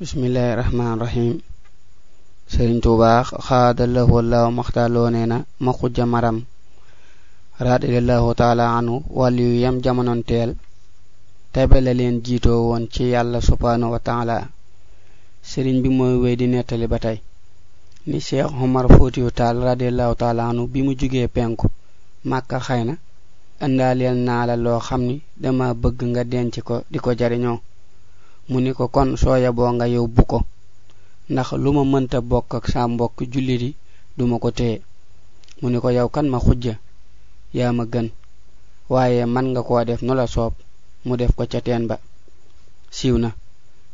bismillahi rahmaani rahim sëriñ tuubaa xaadallahu wallahu maxtaaloo nee na ma xujja maram radiallahu taala anhu wàlliyu yam jamonoon teel tebe la leen jiitoo woon ci yàlla subhaanahu wa sëriñ bi mooy wéy di nettali ba tey ni cheikh omar fóotiyu taal radiallahu taala anhu bi mu jógee penku màkka xay na indaaleel naa la loo xam ni dama bëgg nga denc ko di ko jariñoo mu ni ko kon soo yaboo nga bu ko ndax lu ma mënta bokk ak saa mbokk jullit du ma ko téye mu ni ko yow kan ma xujja yaa ma gën waaye man nga koo def nu la soob mu def ko ca teen ba siiw na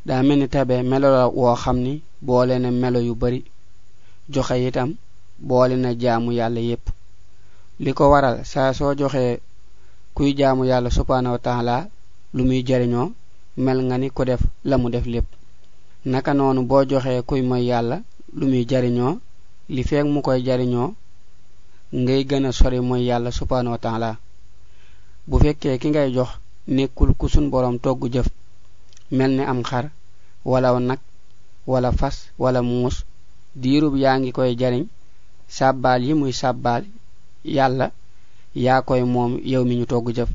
daa mel ni tabe melo la woo xam ni boole na melo yu bari joxe itam boole na jaamu yàlla yépp li ko waral saa soo joxe kuy jaamu yàlla subhaanahu wa taala lu muy jariñoo mel nga ni ku def la mu def lépp naka noonu boo joxee kuy moy yàlla lu muy jariñoo li feeg mu koy jariñoo ngay gën a sori mooy yàlla subhanahu wa taala bu fekkee ki ngay jox nekkul ku sun borom togg jëf mel ni am xar wala nag wala fas wala muus diirub yaa ngi koy jariñ sàbbaal yi muy sàbbaal yàlla yaa koy moom yow mi ñu togg jëf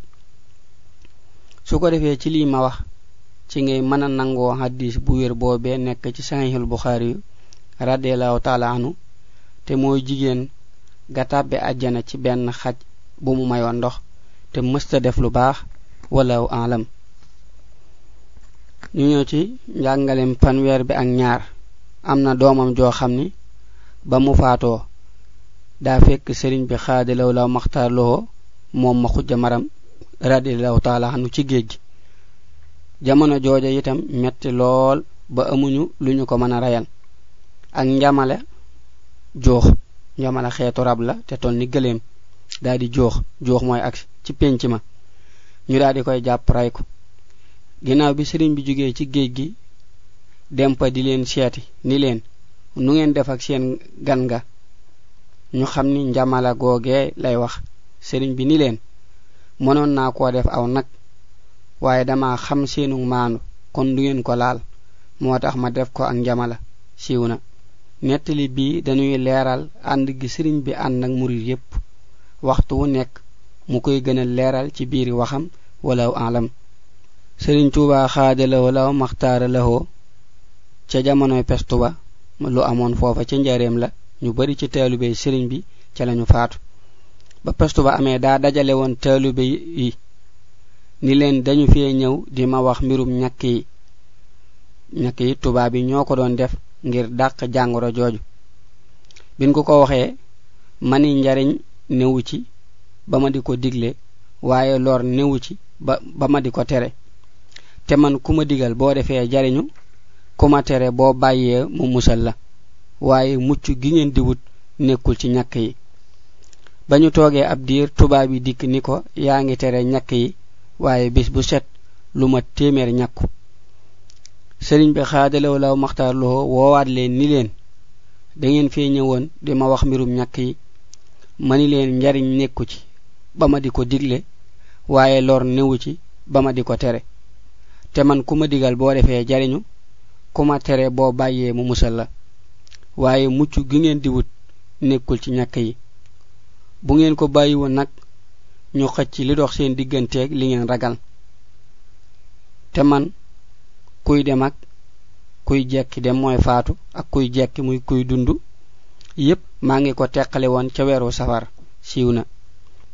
su ko defee ci lii ma wax ci ngay mën a nangoo hadis bu wér boobee nekk ci sahihul bukhari radiallahu taala anu te mooy jigéen ga tàbbe àjjana ci benn xaj bu mu mayoon ndox te mësta def lu baax wala alam ñu ñëw ci njàngalem fanweer bi ak ñaar am na doomam joo xam ni ba mu faatoo daa fekk sëriñ bi xaadalaw law maxtaar loxo moom ma xujja maram radiallahu taala anu ci géej jamono jooja itam metti lool ba amuñu luñu ko mën a rayal ak njamale joox njamale xeetu rab la te tol ni gëleem daa di joox joox mooy ak ci penc ma ñu daa di koy jàpp ray ko ginnaaw bi sëriñ bi jugee ci géej gi dem dempa di leen seeti ni leen nu ngeen def ak seen gan nga ñu xam ni njamala googee lay wax sëriñ bi ni leen mënoon naa koo def aw nag waaye dama xam seenu manu kon du ngeen ko laal moo tax ma def ko ak njamala siiw na nettali bi dañuy leeral ànd gi sëriñ bi ànd ak murit yépp waxtu wu nekk mu koy gën a leeral ci biiri waxam wala alam sëriñ tuuba xaada la walaw maxtaara lahoo ca jamonoy pestu ba lu amoon foofa ca njareem la ñu bari ci taalube sëriñ bi ca lañu faatu ba pestu ba amee daa dajale woon taalube yi ni leen dañu fee ñëw di ma wax mbirum ñàkk yi ñàkk yi tubaa bi ñoo ko doon def ngir dàq jàngoro jooju biñ ko ko waxee ma ni njariñ newu ci ba ma di ko digle waaye lor newu ci ba ma di ko tere te man ku ma digal boo defee jariñu ku ma tere boo bàyyee mu musal la waaye mucc gi ngeen di wut nekkul ci ñàkk yi ba ñu toogee ab diir tubaa bi dikk ni ko yaa ngi tere ñàkk yi waaye bis bu set lu ma téeméer ñàkku sëriñ bi xaadalaw law maxtaar loo woowaat leen ni leen ngeen fee ñëwoon di ma wax mbirum ñàkk yi ma ni leen njariñ nekku ci ba ma di ko digle waaye lor newu ci ba ma di ko tere te man ku ma digal boo defee jariñu ku ma tere boo bàyyee mu musal la waaye mucc gi ngeen di wut nekkul ci ñàkk yi bu ngeen ko bàyyiwoon nag ñu xëcc li dox seen digganteeg li ngeen ragal te man kuy dem ak kuy jekki dem mooy faatu ak kuy jekki muy kuy dund yépp maa ngi ko teqale woon ca weeru safar siiw na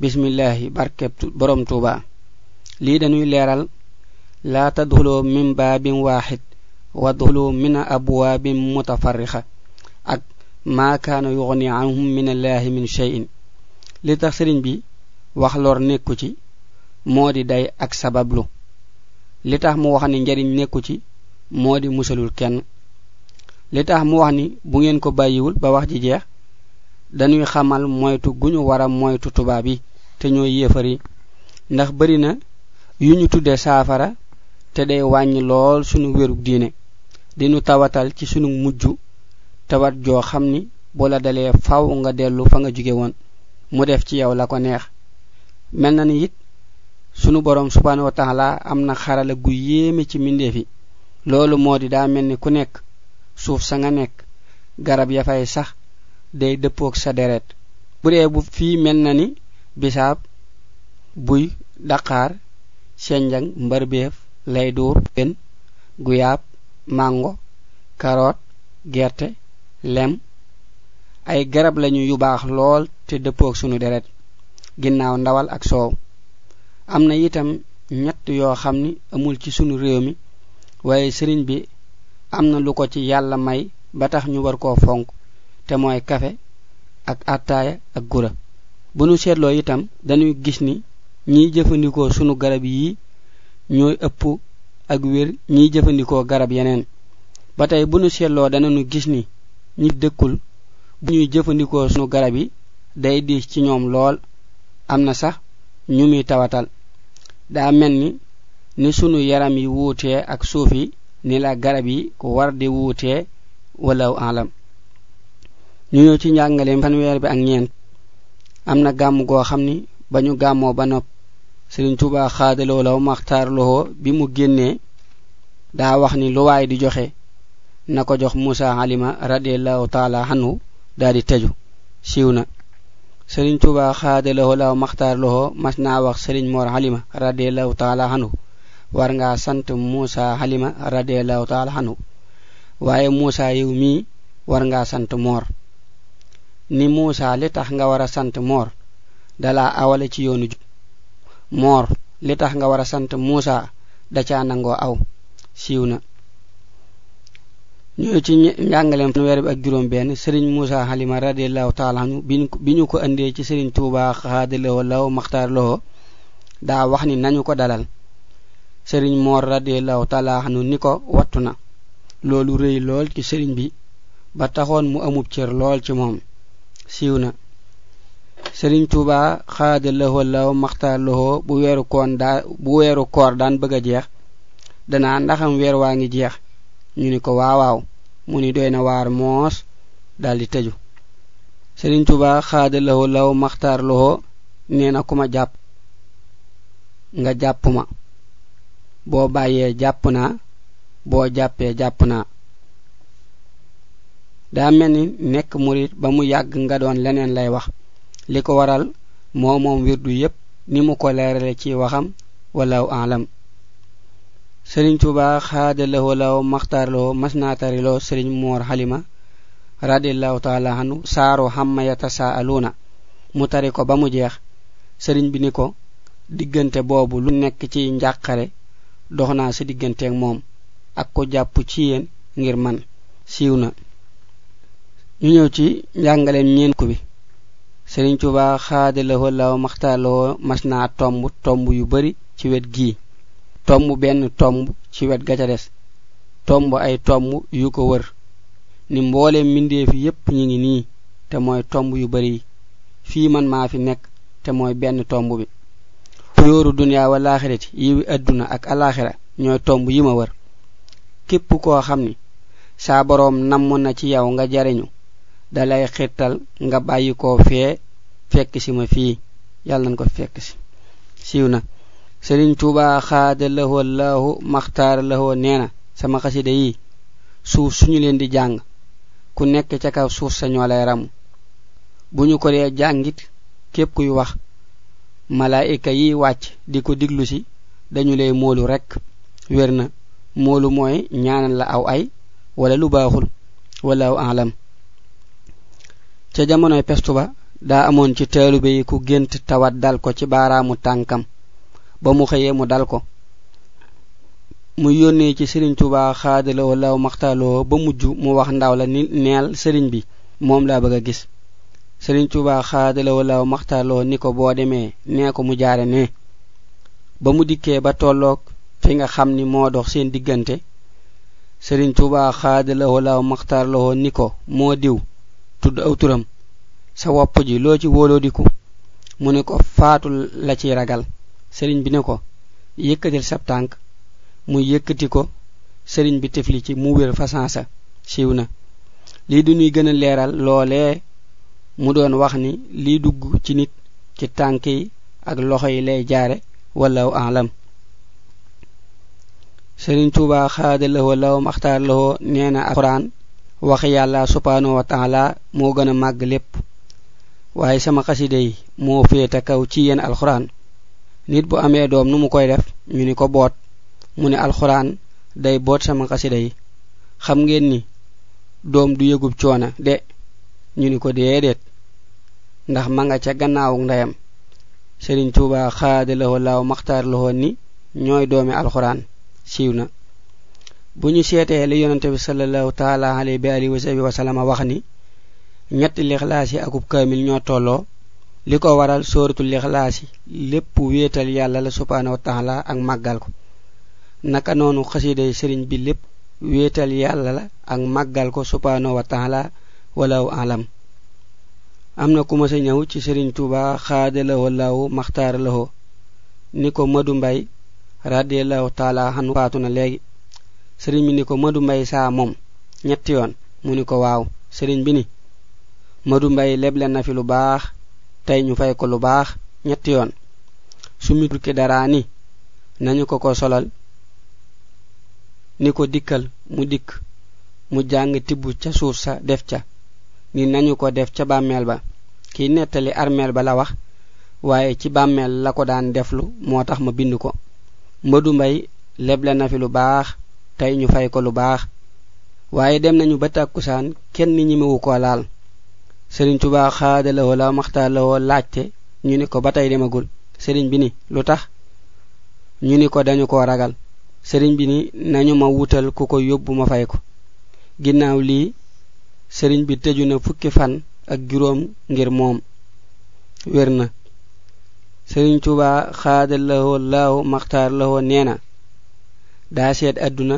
bismillaahi barkeb borom tuuba lii dañuy leeral laa tadxuloo min baabin waaxid wadxuloo min abwaabin mutafarrixa ak maa kaana yuxni min allaahi min cheyin li tax sëriñ bi wax lor nekku ci moo di day ak sabablu li tax mu wax ni njariñ nekku ci moo di musalul kenn li tax mu wax ni bu ngeen ko bàyyiwul ba wax ji jeex dañuy xamal moytu gu ñu war a moytu tubaab yi te ñooy yéefar yi ndax bari na yu ñu tuddee saafara te day wàññi lool sunu wérug diine dinu tawatal ci sunu mujj tawat joo xam ni bu la dalee faw nga dellu fa nga jóge woon mu def ci yow la ko neex mel na ni it sunu borom subhanahu wa ta'ala amna xarala gu yeme ci minde fi loolu modi di daa ku nek suuf sa nga nek garab ya fay sax day deppok sa deret bude bu fi mel na ni bisab buy dakar senjang mbarbeef lay pen, ben guyab mango carotte gerte lem ay garab lañu yu bax lol te deppok sunu deret ginnaaw ndawal ak soow am na itam ñett yoo xam ni amul ci sunu réew mi waaye sëriñ bi am na lu ko ci yàlla may ba tax ñu war koo fonk te mooy kafe ak attaaya ak gura bu nu seetloo itam dañuy gis ni ñiy jëfandikoo sunu garab yi ñooy ëpp ak wér ñiy jëfandikoo garab yeneen ba tey bu ñu seetloo danañu gis ni ñi dëkkul bu ñuy jëfandikoo sunu garab yi day diis ci ñoom lool am na sax ñu muy tawatal daa mel ni ni sunu yaram yi wuutee ak suuf yi ni la garab yi ko war di wuutee wala alam ñu ñëw ci njàngaleem fanweer bi ak ñeent am na gàmm goo xam ni ba ñu gàmmoo ba nopp sëriñ tuba xaadaloo law maxtaar loxoo bi mu génnee daa wax ni lu waay di joxe na ko jox musa alima radiallahu taala anhu daa di teju siiw na sëriñ tuba xaadaloo law maxtaar loxo mas naa wax sëriñ mor xalima radiallahu taala xanu war nga sant muusa xalima radiallahu taala xanu waaye musa yow mii war nga sant mor ni musa li tax nga wara a mor moor dala awale ci yoonu jub moor li tax nga wara a sant muusa da caa nangoo aw siiw ñu ci njàngaleem fanweer ak juróom benn sëriñ Moussa Halima radiallahu taala anhu bi ñu ko indee ci sëriñ Tuubaa xaadalawoo law maxtaar loo daa wax ni nañu ko dalal sëriñ Moor radiallahu taala anhu ni ko wattu na loolu rëy lool ci sëriñ bi ba taxoon mu amub cër lool ci moom siiw na sëriñ Tuubaa xaadalawoo law maxtaar loo bu weeru koon daa bu weeru koor daan bëgg a jeex danaa ndaxam weer waa ngi jeex ñu ni ko waawaaw mu ni doy na waar moos daal di tëju sëriñ tuba xaada lawo law maxtaar loxo nee na ku ma jàpp nga jàpp ma boo bàyyee jàpp naa boo jàppee jàpp naa daa mel ni nekk murit ba mu yàgg nga doon leneen lay wax li waral moo moom wirdu yépp ni mu ko leerale ci waxam alam serigne touba khadalahu law makhtar lo masnatari lo serigne mor halima radiyallahu ta'ala hanu saaro hamma yatasaaluna mu tari ko ba mu jeex serigne bi ni ko digeunte bobu lu nek ci njaqare doxna sa digeunte ak mom ak ko japp ci yeen ngir man siwna ñu ñew ci jangale ñeen ko bi serigne touba khadalahu law makhtar lo masna tombu tombu yu bari ci wet gii tomb benn tomb ci wet ga ca des tomb ay tomb yu ko wër ni mboole fi yépp ñi ngi nii te mooy tomb yu bari fi fii man maa fi nekk te mooy benn tomb bi yoru dunya wal axirati yiwi adduna ak alaxira ñooy tomb yi ma wër képp koo xam ni saa boroom namm na ci yow nga jariñu dalay xirtal nga bàyyi koo fee fekk si ma fii yàlla nañ ko fekk si siiw na sëriñ tuuba xaada lahoo laahu maxtaar lahoo nee na sama xasida yi suuf suñu leen di jàng ku nekk ca kaw suuf sa ñoo lay ramu bu ñu ko dee jàngit képp kuy wax malaayika yi wàcc di ko diglu si dañu lay moolu rek wér na moolu mooy ñaanal la aw ay wala lu baaxul wala aw alam ca jamonoy pestu ba daa amoon ci taalu yi ku gént tawat dal ko ci baaraamu tànkam ba mu xëyee mu dal ko mu yónnee ci sëriñ tuba xaadaloo law maxtaaloo ba mujj mu wax ndaw la ni neel sëriñ bi moom laa bëgg a gis sëriñ tuba xaadaloo law maxtaaloo ni ko boo demee nee ko mu jaare ne ba mu dikkee ba tolloog fi nga xam ni moo dox seen diggante sëriñ tuba xaadaloo law maxtaaloo ni ko moo diw tudd aw turam sa wopp ji loo ci diku mu ne ko faatu la ci ragal sëriñ bi ne ko yëkkatil sab tànk mu yëkkati ko sëriñ bi tefli ci mu wér fasansa siiw na lii du ñuy gën a leeral loolee mu doon wax ni lii dugg ci nit ci tànk yi ak loxo yi lay jaare wallahu aalam sëriñ tuuba xaada lahoo law maxtaar lawo nee na alxuraan wax yàlla subhaanahu wa taala moo gën a màgg lépp waaye sama xaside yi moo féeta kaw ci yéen alxuraan nit bu amee doom nu mu koy def ñu ni ko boot mu ne alxuraan day boot sama xasida yi xam ngeen ni doom du yëgub coona de ñu ni ko déedéet ndax ma nga ca gannaawu ndeyam sëriñ tuuba xaada lahoo laaw maxtaar lahoo ni ñooy doomi alxuraan siiw na bu ñu seetee li yonente bi salallahu taala alayhi bi alihi wa sahbi wa salama wax ni ñetti lixlaas yi akub kamil ñoo tolloo li ko waral sóoratul ixlaas yi lépp wéetal yàlla la subhaanahu wa taala ak màggal ko naka noonu xasiday sëriñ bi lépp wéetal yàlla la ak màggal ko subhaanahu wa taala walaw alam amna na ku ma ci sëriñ Tuuba xaadalawoo law maxtaar laho ni ko Madu Mbay radiallahu taala xanu faatu legi léegi sëriñ bi ko Madu Mbay saa moom ñetti yoon mu ni ko waaw sëriñ bi ni Madu Mbay leble na fi lu baax tay ñu fay ko lu baax ñett yoon su mi turki dara ni nañu ko ko solal ni ko dikkal mu dikk mu jàng tibbu ca def ca ni nañu ko def ca bàmmeel ba ki nettali armeel ba la wax waaye ci bàmmeel la ko daan deflu moo tax ma bind ko mbadu mbay leble na fi lu baax tay ñu fay ko lu baax waaye dem nañu ba tàkkusaan kenn wu ko laal serigne touba xaada la wala maxtaa la woo ñu ni ko ba demagul serigne bi ni lu tax ñu ni ko dañu ko ragal serigne bi ni nañu ma wutal ku ko yobbu ma fay ko ginnaw lii serigne bi teju na fukki fan ak juroom ngir moom werna serigne touba tubaa xaada lahoo neena da set aduna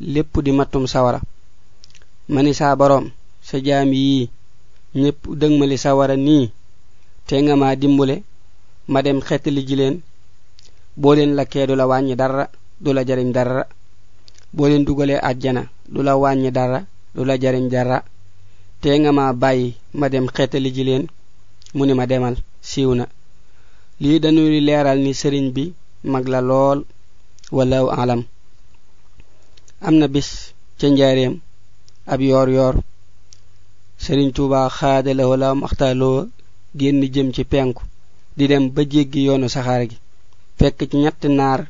na di matum sawara mani sa borom sa jami' yi. ñepp deng sawara ni te nga ma dimbulé ma dem xéti li leen bo leen la du la wàññi dara du la jariñ dara bo leen dugalee aljana du la wàññi dara du la jariñ dara te nga ma bàyyi ma dem xéti li mu ma demal siwna li dañu li léral ni sëriñ bi mag la lool wala alam amna bis ci njaareem ab yor yor sëriñ tuuba xaadalewoo la maxtaaloo génn jëm ci penku di dem ba jéggi yoonu saxaar gi fekk ci ñetti naar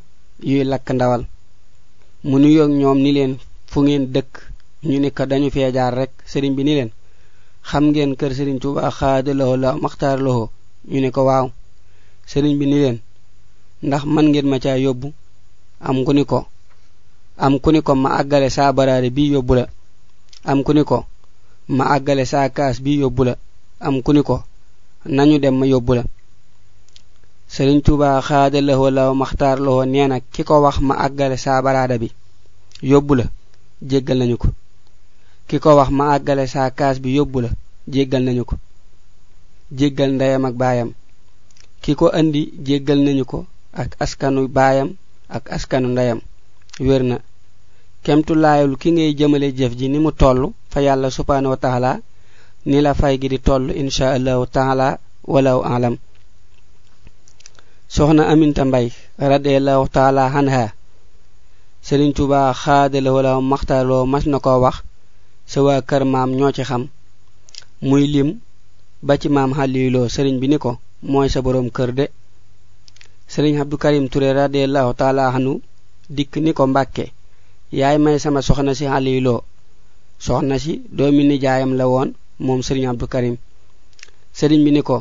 yuy lakk ndawal mu nuyoog ñoom ni leen fu ngeen dëkk ñu ni ko dañu fee jaar rek sëriñ bi ni leen xam ngeen kër sëriñ tuuba xaadalewoo la maxtaaloo ñu ni ko waaw sëriñ bi ni leen ndax man ngeen ma ca yobbu am ku ni ko am ku ni ko ma àggale saa baraare bi yobbu la am ku ni ko ma àggale sa kaas bi yóbbu la am ku ni ko nañu dem ma yóbbu la sëriñ tuuba xaada laxoo law maxtaar laxoo nee na ki ko wax ma àggale sa barada bi yóbbu la jéggal nañu ko ki ko wax ma àggale sa kaas bi yóbbu la jéggal nañu ko jéggal ndayam ak bayam. ki ko andi jegal nañu ko ak askanu bayam ak askanu ndayam. wér na kemtulaayul ki ngay jëmale jëf ji ni mu tollu fa yàlla subhanahu wa taala ni la fay gi di toll insha Allah taala wala alam soxna aminta mbay Allah taala hanha. serin tuba xaadaloo la maxtaloo mas nako wax sa wa kër maam ñoo ci xam muy lim ba ci mam halilo serin bi niko moy sa borom kër de serin abdou karim ture radiallahu taala hanu dik niko ko yaay may sama soxna si halilo soxna si doomi jaayam la woon moom sëriñ abdou karim sëriñ bi ni ko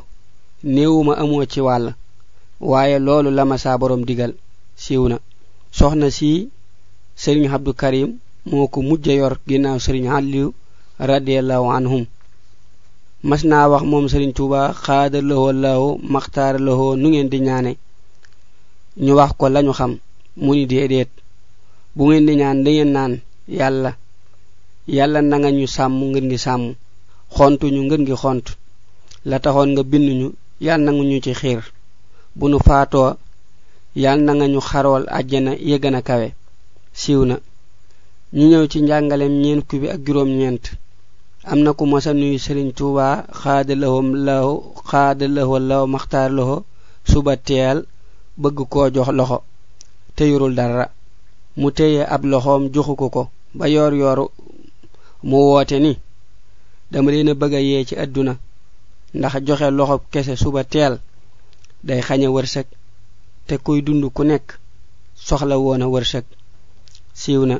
néewuma amoo ci wàll waaye loolu la ma saa borom digal siiw na soxna si sëriñ abdou karim moo ko mujj yor ginnaaw sëriñ aliou radiallahu anhum mas naa wax moom sëriñ tuuba xaada lahoo laahu maxtaara lahoo nu ngeen di ñaane ñu wax ko lañu xam mu ni déedéet bu ngeen di ñaan da ngeen naan yàlla yàlla nanga ñu sàmm ngir ngi sàmm xontu ñu ngir ngi xont la taxoon nga bind ñu yàl nangu ñu ci xiir bu nu faatoo yàl nanga ñu xarool àjjana yëgana kawe siiw na ñu ñëw ci njàngaleem ñeen kubi ak juróom ñeent am na ku mosa nuyu sëriñ tuuba xaada lahum law xaada lahu law maxtaar laho suba teel bëgg koo jox loxo teyurul dara mu téye ab loxoom joxu ko ko ba yoor yooru ni dama leena bëgg a yee ci àdduna ndax joxe loxo kese suba teel day xañe wërsëg te kuy dund ku nekk soxla woon wërsëg na